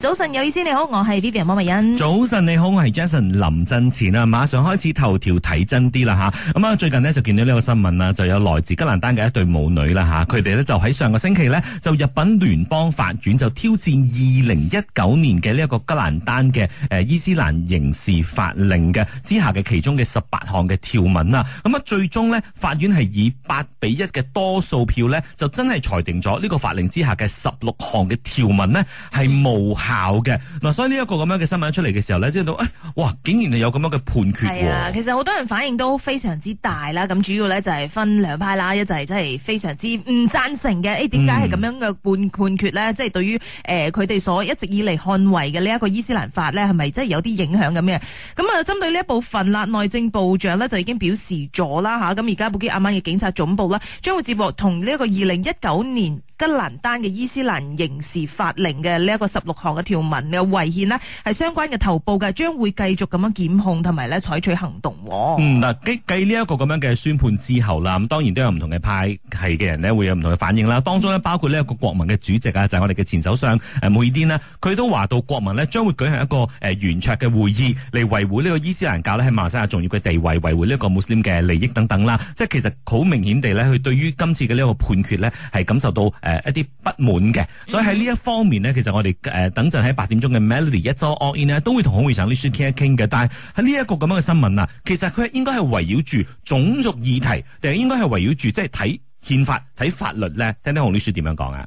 早晨，有意思你好，我係 Vivian 莫文欣。早晨你好，我係 Jason 林振前啊！馬上開始頭條睇真啲啦吓，咁啊最近呢，就見到呢個新聞啦，就有來自吉蘭丹嘅一對母女啦吓，佢哋呢，就喺上個星期呢，就入稟聯邦法院，就挑戰二零一九年嘅呢一個吉蘭丹嘅誒伊斯蘭刑事法令嘅之下嘅其中嘅十八項嘅條文啦，咁啊最終呢，法院係以八比一嘅多數票呢，就真係裁定咗呢個法令之下嘅十六項嘅條文呢係無。效嘅嗱，所以呢一個咁樣嘅新聞出嚟嘅時候咧，知道誒，哇，竟然係有咁樣嘅判決。啊，其實好多人反應都非常之大啦。咁主要是是是呢，就係分兩派啦，一就係真係非常之唔贊成嘅。誒，點解係咁樣嘅判判決咧？即係對於誒佢哋所一直以嚟捍衛嘅呢一個伊斯蘭法呢，係咪真係有啲影響咁嘅？咁啊，針對呢一部分啦，內政部長呢，就已經表示咗啦吓。咁而家布基阿曼嘅警察總部咧，將會接獲同呢一個二零一九年吉蘭丹嘅伊斯蘭刑事法令嘅呢一個十六項。條文嘅違憲呢係相關嘅頭部嘅，將會繼續咁樣檢控同埋咧採取行動。嗯，嗱繼呢一個咁樣嘅宣判之後啦，咁當然都有唔同嘅派系嘅人咧，會有唔同嘅反應啦。當中咧包括呢一個國民嘅主席啊，就係、是、我哋嘅前首相誒慕尤丁呢，佢都話到國民咧將會舉行一個誒圓桌嘅會議，嚟維護呢個伊斯蘭教咧喺馬來西亞重要嘅地位，維護呢一個穆斯林嘅利益等等啦。即係其實好明顯地呢，佢對於今次嘅呢一個判決呢係感受到誒一啲不滿嘅。所以喺呢一方面呢、嗯，其實我哋誒等。陣喺八點鐘嘅 Melody 一周 all in 咧，都會同洪律師呢書傾一傾嘅。但係喺呢一個咁樣嘅新聞啊，其實佢應該係圍繞住種族議題，定係應該係圍繞住即係睇憲法睇法律咧？聽聽洪律師點樣講啊？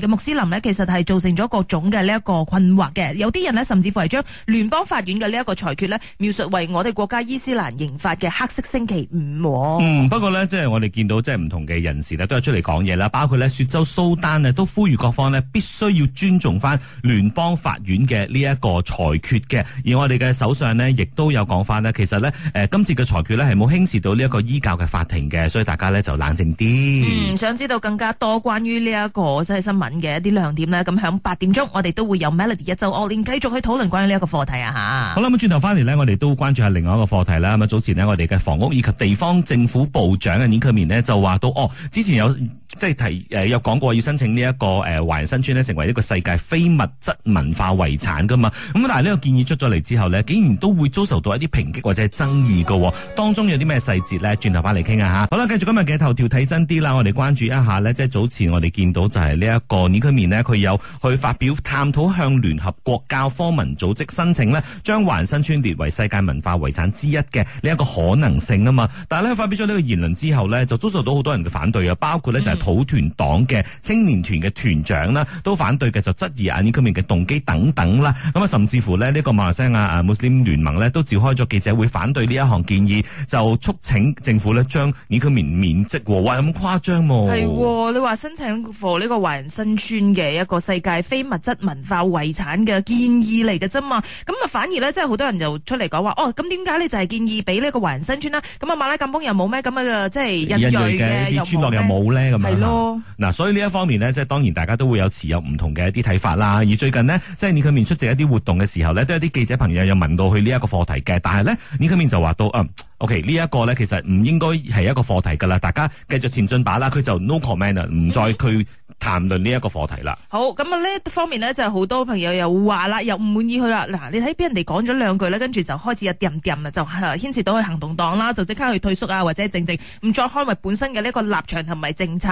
嘅穆斯林呢，其實係造成咗各種嘅呢一個困惑嘅。有啲人呢，甚至乎係將聯邦法院嘅呢一個裁決呢，描述為我哋國家伊斯蘭刑法嘅黑色星期五。嗯，不過呢，即係我哋見到即係唔同嘅人士呢，都係出嚟講嘢啦。包括呢雪州蘇丹呢，都呼籲各方呢，必須要尊重翻聯邦法院嘅呢一個裁決嘅。而我哋嘅首相呢，亦都有講翻呢。其實呢，誒，今次嘅裁決呢，係冇輕視到呢一個依教嘅法庭嘅，所以大家呢，就冷靜啲。嗯，想知道更加多關於呢一個即係新聞。嘅一啲亮點啦，咁響八點鐘我哋都會有 Melody 一周哦，連繼續去討論關於呢一個課題啊吓。好啦，咁轉頭翻嚟呢，我哋都關注下另外一個課題啦。咁啊，早前呢，我哋嘅房屋以及地方政府部長嘅倪可敏就話到哦，之前有即係提誒、呃、有講過要申請呢、這、一個誒華人、呃、新村呢，成為一個世界非物質文化遺產噶嘛。咁但係呢個建議出咗嚟之後呢，竟然都會遭受到一啲抨擊或者係爭議噶。當中有啲咩細節呢，轉頭翻嚟傾下。吓。好啦，繼續今日嘅頭條睇真啲啦，我哋關注一下呢，即係早前我哋見到就係呢一。個年姑面呢，佢有去發表探討向聯合國教科文組織申請呢，將華人新村列為世界文化遺產之一嘅呢一個可能性啊嘛。但係咧，發表咗呢個言論之後呢，就遭受到好多人嘅反對啊，包括呢就係土團黨嘅青年團嘅團長啦，都反對嘅，就質疑啊年姑面嘅動機等等啦。咁啊，甚至乎呢，呢個馬來西亞啊 muslim 聯盟呢，都召開咗記者會反對呢一項建議，就促請政府呢將年姑面免職。哇，咁誇張喎！係，你話申請課呢個華人新新村嘅一個世界非物質文化遺產嘅建議嚟嘅啫嘛，咁啊反而咧，即係好多人就出嚟講話哦，咁點解你就係建議俾呢一個華人新村啦？咁啊，馬拉甘邦又冇咩咁嘅即係人類嘅一啲村落又冇咧咁樣？係咯，嗱，所以呢一方面呢，即係當然大家都會有持有唔同嘅一啲睇法啦。而最近呢，即係你佢面出席一啲活動嘅時候呢，都有啲記者朋友又問到佢呢一個課題嘅，但係呢，你佢面就話到啊，嗯，OK 呢一個呢，其實唔應該係一個課題噶啦，大家繼續前進把啦，佢就 no comment 啊，唔再佢。嗯談論呢一個課題啦，好，咁啊呢一方面呢，就係、是、好多朋友又話啦，又唔滿意佢啦，嗱，你睇俾人哋講咗兩句咧，跟住就開始一掂掂啦，就牽涉到去行動黨啦，就即刻去退縮啊，或者正正唔再捍衛本身嘅呢個立場同埋政策。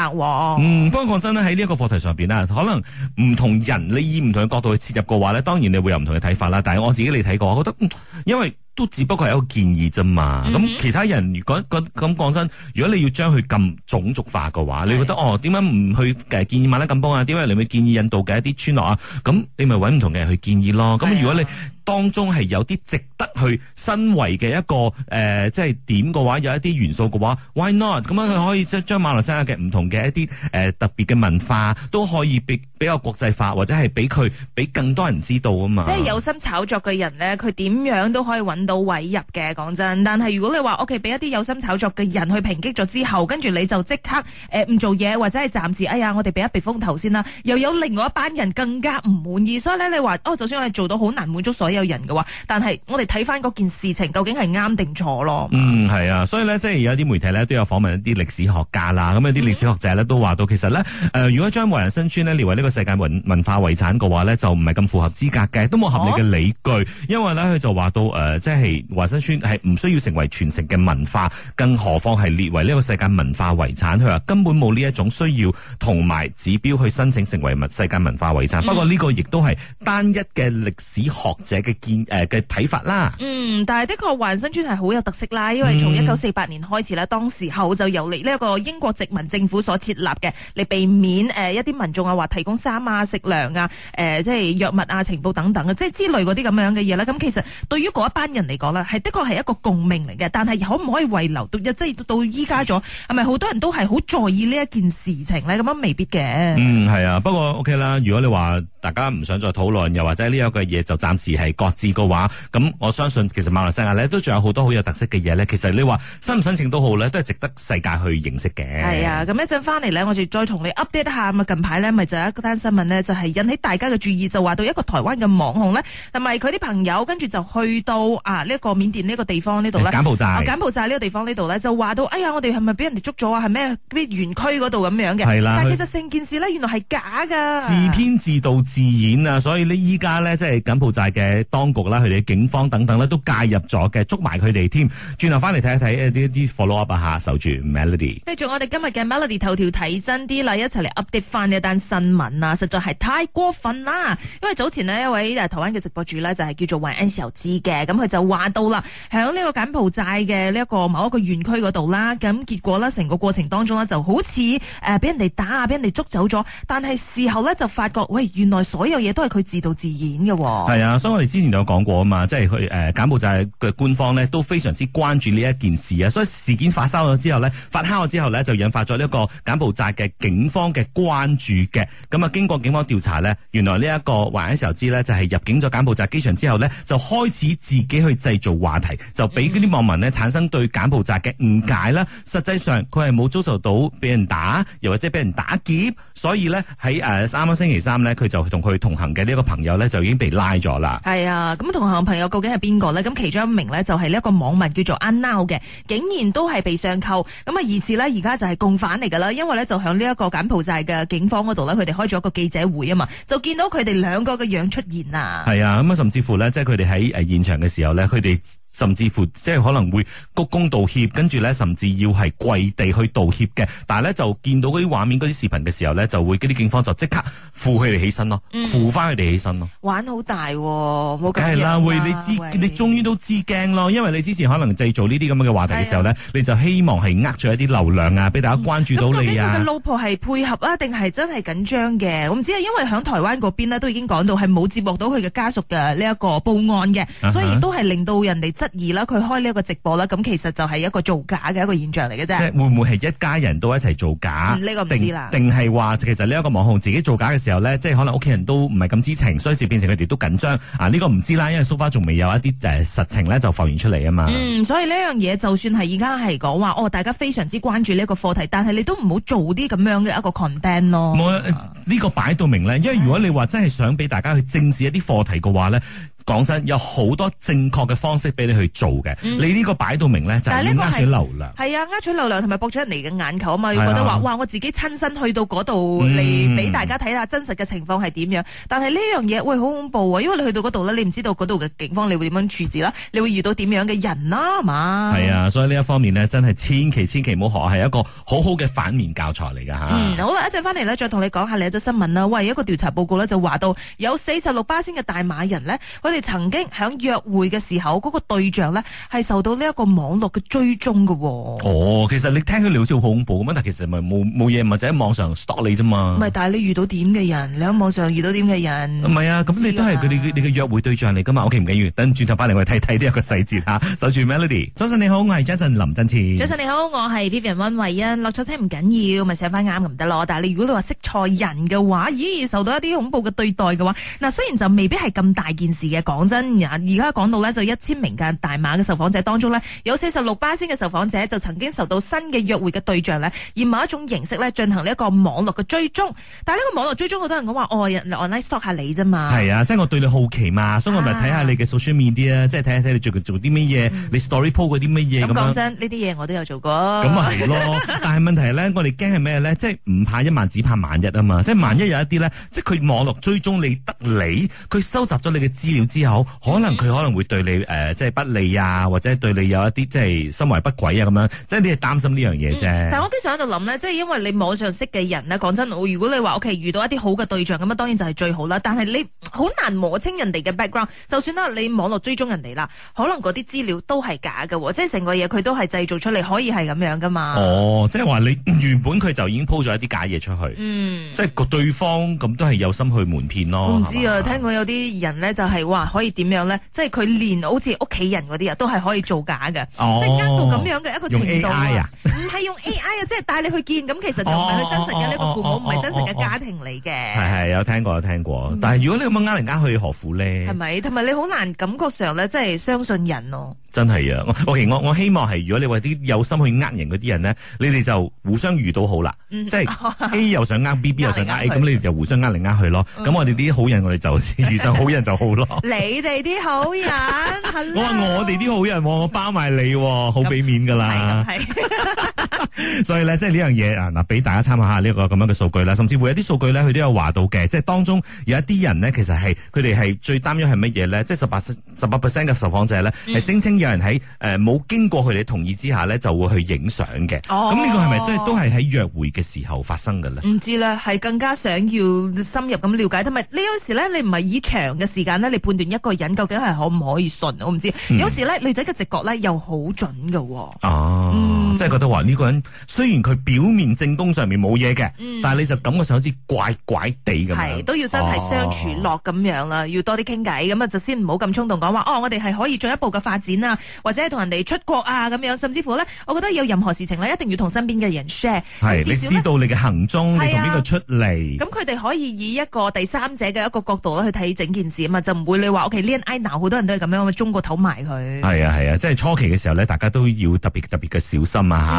嗯，不過講真呢，喺呢一個課題上邊啦，可能唔同人你以唔同嘅角度去切入嘅話呢，當然你會有唔同嘅睇法啦。但係我自己嚟睇過，我覺得、嗯、因為。都只不過係一個建議啫嘛，咁、mm -hmm。其他人如果咁咁講真，如果你要將佢咁種族化嘅話，你覺得哦點解唔去誒建議馬拉錦邦啊？點解你唔去建議印度嘅一啲村落啊？咁你咪揾唔同嘅人去建議咯。咁如果你，當中係有啲值得去新維嘅一個誒、呃，即係點嘅話，有一啲元素嘅話，Why not？咁樣佢可以將係將馬來西亞嘅唔同嘅一啲誒、呃、特別嘅文化都可以比比較國際化，或者係俾佢俾更多人知道啊嘛。即係有心炒作嘅人咧，佢點樣都可以揾到位入嘅。講真，但係如果你話屋企俾一啲有心炒作嘅人去抨擊咗之後，跟住你就即刻誒唔、呃、做嘢，或者係暫時，哎呀，我哋俾一避風頭先啦。又有另外一班人更加唔滿意，所以咧，你話哦，就算我哋做到好難滿足所有。有人嘅話，但係我哋睇翻嗰件事情，究竟係啱定錯咯？嗯，係啊，所以呢，即係有啲媒體呢都有訪問一啲歷史學家啦，咁有啲歷史學者呢都話到、嗯，其實呢，誒、呃，如果將華人新村呢列為呢個世界文文化遺產嘅話呢，就唔係咁符合資格嘅，都冇合理嘅理據，哦、因為呢，佢就話到誒，即係華新村係唔需要成為傳承嘅文化，更何況係列為呢個世界文化遺產，佢話根本冇呢一種需要同埋指標去申請成為世界文化遺產、嗯。不過呢個亦都係單一嘅歷史學者嘅見誒嘅睇法啦，嗯，但係的確環新村係好有特色啦，因為從一九四八年開始咧、嗯，當時候就由嚟呢一個英國殖民政府所設立嘅，嚟避免誒、呃、一啲民眾啊話提供衫啊食糧啊誒即係藥物啊情報等等啊，即係之類嗰啲咁樣嘅嘢啦。咁其實對於嗰一班人嚟講呢係的確係一個共鳴嚟嘅。但係可唔可以遺留即到即係到依家咗係咪好多人都係好在意呢一件事情呢？咁樣未必嘅。嗯，係啊，不過 OK 啦。如果你話。大家唔想再討論，又或者呢一個嘢就暫時係各自嘅話，咁我相信其實馬來西亞咧都仲有好多好有特色嘅嘢咧。其實你話申唔申請都好咧，都係值得世界去認識嘅。係啊，咁一陣翻嚟咧，我哋再同你 update 下啊。近排咧咪就有一單新聞呢，就係、是、引起大家嘅注意，就話到一個台灣嘅網紅咧同埋佢啲朋友，跟住就去到啊呢一、這個緬甸呢一個地方呢度咧，柬埔寨，柬埔寨呢、哦、個地方呢度咧，就話到哎呀，我哋係咪俾人哋捉咗啊？係咩？啲園區嗰度咁樣嘅。係啦，但其實成件事咧，原來係假㗎。自編自導。自演啊，所以呢，依家咧即係柬埔寨嘅當局啦、啊，佢哋警方等等咧、啊、都介入咗嘅，捉埋佢哋添。轉頭翻嚟睇一睇一啲啲 follow up 吓，守住 melody。繼續我哋今日嘅 melody 頭條睇真啲啦，一齊嚟 update 翻一單新聞啊，實在係太過分啦！因為早前呢一位誒台灣嘅直播主咧就係、是、叫做 YNSOZ 嘅，咁佢就話到啦，響呢個柬埔寨嘅呢一個某一個園區嗰度啦，咁結果咧成個過程當中咧就好似誒俾人哋打啊，俾人哋捉走咗，但係事後咧就發覺，喂，原來。所有嘢都係佢自導自演嘅。哦，係啊，所以我哋之前有講過啊嘛，即係佢誒柬埔寨嘅官方呢都非常之關注呢一件事啊，所以事件發生咗之後呢，發酵咗之後呢，就引發咗呢一個柬埔寨嘅警方嘅關注嘅。咁啊，經過警方調查呢，原來、這個、呢一個還人時候知就係、是、入境咗柬埔寨機場之後呢，就開始自己去製造話題，就俾嗰啲網民呢產生對柬埔寨嘅誤解啦，嗯。實際上佢係冇遭受到俾人打，又或者俾人打劫，所以呢，喺誒三啊星期三呢，佢就。同佢同行嘅呢個朋友咧就已經被拉咗啦。係啊，咁同行朋友究竟係邊個咧？咁其中一名咧就係呢一個網民叫做 Anow 嘅，竟然都係被上扣，咁啊，而至咧而家就係共犯嚟噶啦。因為咧就響呢一個柬埔寨嘅警方嗰度咧，佢哋開咗一個記者會啊嘛，就見到佢哋兩個嘅樣出現啦。係啊，咁啊，甚至乎咧，即係佢哋喺誒現場嘅時候咧，佢哋。甚至乎即係可能會鞠躬道歉，跟住咧甚至要係跪地去道歉嘅。但係咧就見到嗰啲畫面、嗰啲視頻嘅時候咧，就會嗰啲警方就即刻扶佢哋起身咯、嗯，扶翻佢哋起身咯。玩好大喎、哦，冇咁、啊。係啦，會你知喂你終於都知驚咯，因為你之前可能製造呢啲咁嘅話題嘅時候咧、啊，你就希望係呃咗一啲流量啊，俾大家關注到你啊。佢、嗯、嘅、嗯、老婆係配合啊，定係真係緊張嘅？我唔知係因為喺台灣嗰邊咧都已經講到係冇接獲到佢嘅家屬嘅呢一個報案嘅，uh-huh. 所以都係令到人哋而啦，佢開呢一個直播啦，咁其實就係一個造假嘅一個現象嚟嘅啫。即係會唔會係一家人都一齊造假？呢、嗯這個唔知啦。定係話其實呢一個網紅自己造假嘅時候咧，即係可能屋企人都唔係咁知情，所以就變成佢哋都緊張啊。呢、這個唔知啦，因為蘇花仲未有一啲誒實情咧就浮現出嚟啊嘛。嗯，所以呢樣嘢就算係而家係講話哦，大家非常之關注呢一個課題，但係你都唔好做啲咁樣嘅一個 content 咯。呢、嗯嗯這個擺到明咧，因為如果你話真係想俾大家去正視一啲課題嘅話咧。講真，有好多正確嘅方式俾你去做嘅、嗯。你呢個擺到明呢，就係呃取流量，係啊，呃取流量同埋博取人哋嘅眼球嘛啊嘛。覺得話哇，我自己親身去到嗰度嚟俾大家睇下真實嘅情況係點樣。但係呢樣嘢，喂，好恐怖啊！因為你去到嗰度呢，你唔知道嗰度嘅警方你會點樣處置啦，你會遇到點樣嘅人啦、啊，係嘛？係啊，所以呢一方面呢，真係千祈千祈唔好學，係一個好好嘅反面教材嚟噶吓。好啦，說說一陣翻嚟呢，再同你講下另一則新聞啦。喂，一個調查報告呢，就話到有四十六巴仙嘅大馬人呢。曾經響約會嘅時候，嗰、那個對象咧係受到呢一個網絡嘅追蹤噶、哦。哦，其實你聽佢聊笑好恐怖咁樣，但其實咪冇冇嘢，咪就喺網上 stalk 你啫嘛。唔係，但係你遇到點嘅人，你喺網上遇到點嘅人。唔係啊，咁、啊啊、你都係佢哋嘅你嘅約會對象嚟噶嘛？OK 唔緊要，等轉頭翻嚟我哋睇睇都有個細節吓。守住 Melody，早晨你好，我係 Jason 林振前。早晨你好，我係 Vivian 溫慧欣。落錯車唔緊要，咪上翻啱咁得咯。但係你如果你話識錯人嘅話，咦，受到一啲恐怖嘅對待嘅話，嗱，雖然就未必係咁大件事嘅。講真，而家講到咧，就一千名嘅大馬嘅受訪者當中咧，有四十六巴仙嘅受訪者就曾經受到新嘅約會嘅對象咧，以某一種形式咧進行呢一個網絡嘅追蹤。但係呢個網絡追蹤好多人講話，哦 online stalk 下你咋嘛？係啊，即係我對你好奇嘛，啊、所以我咪睇下你嘅 social media 啊，即係睇一睇你最近做啲乜嘢，你 story 鋪過啲乜嘢咁樣。講真，呢啲嘢我都有做過。咁啊係咯， 但係問題係咧，我哋驚係咩咧？即係唔怕一萬，只怕萬一啊嘛。即係萬一有一啲咧，即係佢網絡追蹤你得你，佢收集咗你嘅資料。之後可能佢可能會對你誒、呃、即係不利啊，或者對你有一啲即係心懷不軌啊咁樣，即係你係擔心呢樣嘢啫。但係我經常喺度諗咧，即係因為你網上識嘅人咧，講真，如果你話 OK 遇到一啲好嘅對象，咁啊當然就係最好啦。但係你好難摸清人哋嘅 background，就算啦你網絡追蹤人哋啦，可能嗰啲資料都係假嘅，即係成個嘢佢都係製造出嚟，可以係咁樣噶嘛？哦，即係話你原本佢就已經 po 咗一啲假嘢出去，嗯、即係個對方咁都係有心去瞞騙咯。唔知啊，聽講有啲人咧就係話。啊、可以點樣咧？即係佢連好似屋企人嗰啲啊，都係可以造假嘅、哦，即係呃到咁樣嘅一個程度啊！唔 係用 A I 啊，即係帶你去見，咁其實就唔係佢真實嘅呢個父母，唔、哦、係、哦哦哦、真實嘅家庭嚟嘅。係係有聽過有聽過，聽過嗯、但係如果你咁樣呃人家去何呢，何苦咧？係咪？同埋你好難感覺上咧，即係相信人咯。真係啊 OK 我我希望係，如果你話啲有心去呃人嗰啲人咧，你哋就互相遇到好啦、嗯。即係 A 又想呃 B，B 又想呃，A，咁你哋就互相呃嚟呃去咯。咁、嗯、我哋啲好人我，我哋就遇上好人就好咯。你哋啲好人， 我話我哋啲好人，我包埋你，好俾面噶啦。嗯、 所以咧，即係呢樣嘢嗱，俾大家參考一下呢、這個咁樣嘅數據啦。甚至會有啲數據咧，佢都有話到嘅，即、就、係、是、當中有一啲人咧，其實係佢哋係最擔憂係乜嘢咧？即係十八十八 percent 嘅受訪者咧，係聲稱。有人喺誒冇經過佢哋同意之下咧，就會去影相嘅。哦，咁呢個係咪都係、哦、都係喺約會嘅時候發生嘅呢？唔知咧，係更加想要深入咁了解。同埋，你有時咧，你唔係以長嘅時間咧，你判斷一個人究竟係可唔可以信，我唔知、嗯。有時咧，女仔嘅直覺咧又好準嘅。哦，嗯、即係覺得話呢個人雖然佢表面正宮上面冇嘢嘅，但係你就感覺上好似怪怪地咁樣。係都要真係相處落咁樣啦、哦，要多啲傾偈，咁啊就先唔好咁衝動講話。哦，我哋係可以進一步嘅發展啦。或者係同人哋出國啊咁樣，甚至乎咧，我覺得有任何事情咧，一定要同身邊嘅人 share。係，你知道你嘅行蹤、啊，你同邊個出嚟？咁佢哋可以以一個第三者嘅一個角度去睇整件事啊嘛，就唔會你話 OK，line I now，好、okay, 多人都係咁樣，中國唞埋佢。係啊係啊，即係初期嘅時候咧，大家都要特別特別嘅小心啊吓。嗯